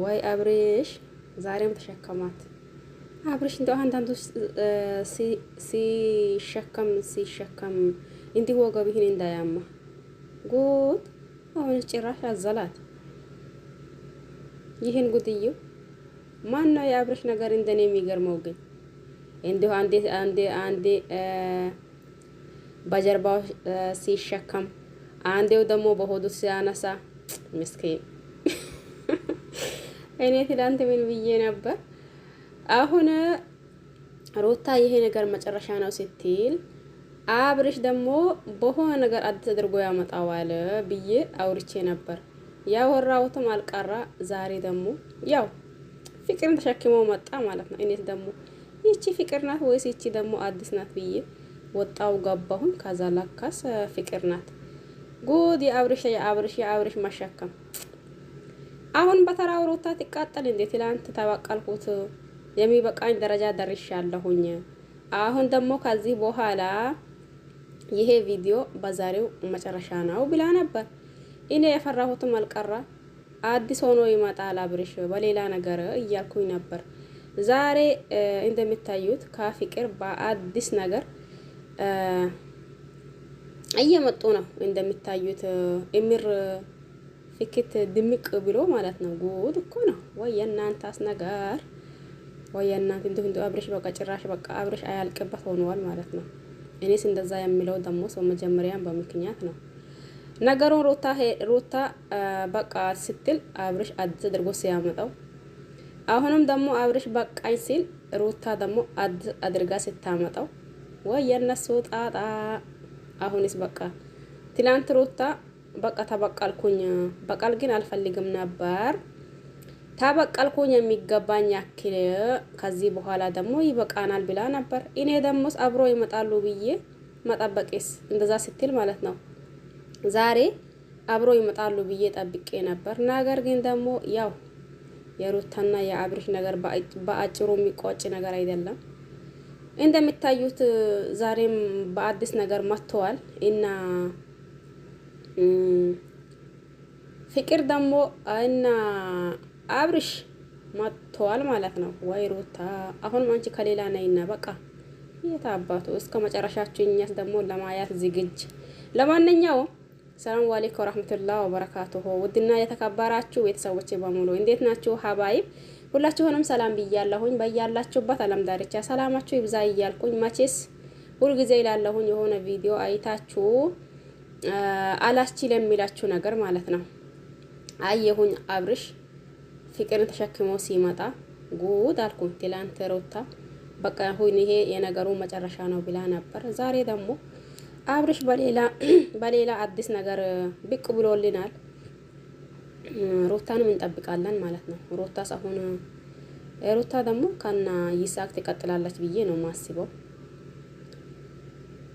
ወይ አብሬሽ ዛሬም ተሸከማት። አብሬሽ እንደው አንዳንዱ ሲሸከም ሲሸከም እንዲህ ወገብህን እንዳያማ ጉድ። አሁን ጭራሽ አዘላት። ይህን ጉድዩ ማን ነው የአብሬሽ ነገር እንደኔ የሚገርመው ግን እንዲሁ አንዴ አንዴ አንዴ በጀርባው ሲሸከም አንዴው ደግሞ በሆዱ ሲያነሳ ምስኪን እኔ ትላንት ምን ብዬ ነበር? አሁን ሩታ ይሄ ነገር መጨረሻ ነው ስትል አብርሽ ደግሞ በሆነ ነገር አዲስ አድርጎ ያመጣዋል ብዬ አውርቼ ነበር። ያወራሁትም አልቀራ ዛሬ ደግሞ ያው ፍቅርን ተሸክሞ መጣ ማለት ነው። እኔት ደግሞ ይቺ ፍቅር ናት ወይስ ይቺ ደግሞ አዲስ ናት ብዬ ወጣው ገባሁን። ከዛ ላካስ ፍቅር ናት። ጉድ! የአብርሽ የአብርሽ የአብርሽ መሸከም አሁን በተራው ሮታ ትቃጠል እንዴ? ትላንት ተበቀልኩት የሚበቃኝ ደረጃ ደርሻለሁኝ። አሁን ደግሞ ከዚህ በኋላ ይሄ ቪዲዮ በዛሬው መጨረሻ ነው ብላ ነበር። እኔ የፈራሁትም አልቀራ አዲስ ሆኖ ይመጣል አብርሽ በሌላ ነገር እያልኩኝ ነበር። ዛሬ እንደሚታዩት ከፍቅር በአዲስ ነገር እየመጡ ነው እንደሚታዩት እምር ፍክት ድምቅ ብሎ ማለት ነው። ጉድ እኮ ነው ወይ የእናንተስ ነገር ወይ የእናንተ እንዲሁ እንዲሁ አብረሽ በቃ ጭራሽ በቃ አብረሽ አያልቅበት ሆኗል ማለት ነው። እኔስ እንደዛ የሚለው ደግሞ ሰው መጀመሪያን በምክንያት ነው ነገሩን ሩታ ሩታ በቃ ስትል አብረሽ አዲስ አድርጎ ሲያመጣው አሁንም ደግሞ አብረሽ በቃኝ ሲል ሩታ ደግሞ አዲስ አድርጋ ስታመጣው ወይ የእነሱ ጣጣ አሁንስ በቃ ትላንት ሩታ በቃ ተበቀልኩኝ። በቀል ግን አልፈልግም ነበር። ተበቀልኩኝ የሚገባኝ ያክል ከዚህ በኋላ ደግሞ ይበቃናል ብላ ነበር። እኔ ደግሞስ አብሮ ይመጣሉ ብዬ መጠበቄስ እንደዛ ስትል ማለት ነው። ዛሬ አብሮ ይመጣሉ ብዬ ጠብቄ ነበር። ነገር ግን ደግሞ ያው የሩታና የአብሪሽ ነገር በአጭሩ የሚቋጭ ነገር አይደለም። እንደሚታዩት ዛሬም በአዲስ ነገር መጥተዋል እና ፍቅር ደግሞ እና አብርሽ መጥተዋል ማለት ነው። ወይ ሩታ አሁን አንቺ ከሌላ ነይና በቃ የት አባቱ እስከ መጨረሻችሁ እኛስ ደግሞ ለማያት ዝግጅ። ለማንኛውም ሰላም አለይኩም ወራህመቱላሂ ወበረካቱሁ ውድና የተከበራችሁ ቤተሰቦች በሙሉ እንዴት ናችሁ? ሀባይብ ሁላችሁንም ሰላም ብያለሁኝ። በያላችሁበት አለም ዳርቻ ሰላማችሁ ይብዛ እያልኩኝ መቼስ ሁልጊዜ ይላለሁኝ የሆነ ቪዲዮ አይታችሁ አላስችል የሚላችሁ ነገር ማለት ነው። አየሁኝ አብርሽ ፍቅርን ተሸክሞ ሲመጣ ጉድ አልኩ። ትላንት ሩታ በቃ ሁን ይሄ የነገሩ መጨረሻ ነው ብላ ነበር። ዛሬ ደግሞ አብርሽ በሌላ በሌላ አዲስ ነገር ብቅ ብሎልናል። ሮታንም እንጠብቃለን ማለት ነው። ሩታስ አሁን ሮታ ደግሞ ከና ይሳቅ ትቀጥላለች ብዬ ነው ማስበው።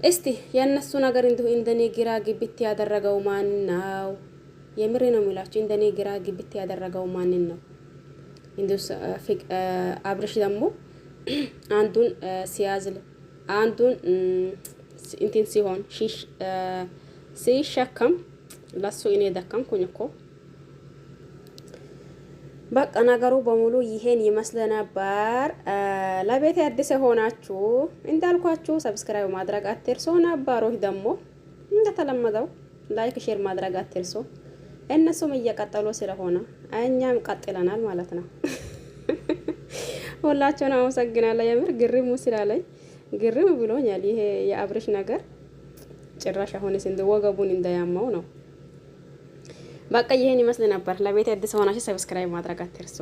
እስቲ የእነሱ ነገር እንዲሁ እንደኔ ግራ ግብት ያደረገው ማን ነው? የምሬ ነው የሚላችሁ። እንደኔ ግራ ግብት ያደረገው ማን ነው? እንዲሁ አብርሽ ደግሞ አንዱን ሲያዝል አንዱን እንትን ሲሆን ሲሸከም ለሱ እኔ ደከምኩኝ እኮ በቃ ነገሩ በሙሉ ይሄን ይመስል ነበር። ለቤት አዲስ የሆናችሁ እንዳልኳችሁ ሰብስክራይብ ማድረግ አትርሶ፣ ነባሮች ደግሞ እንደተለመደው ላይክ፣ ሼር ማድረግ አትርሶ። እነሱም እየቀጠሉ ስለሆነ እኛም ቀጥለናል ማለት ነው። ሁላችሁን አመሰግናለሁ። የምር ግርም ስላለኝ ግርም ብሎኛል። ይሄ የአብርሽ ነገር ጭራሽ አሁን እንደ ወገቡን እንዳያማው ነው። በቃ ይህን ይመስል ነበር። ለቤት አዲስ ሆናችሁ ሰብስክራይብ ማድረግ አትርሱ።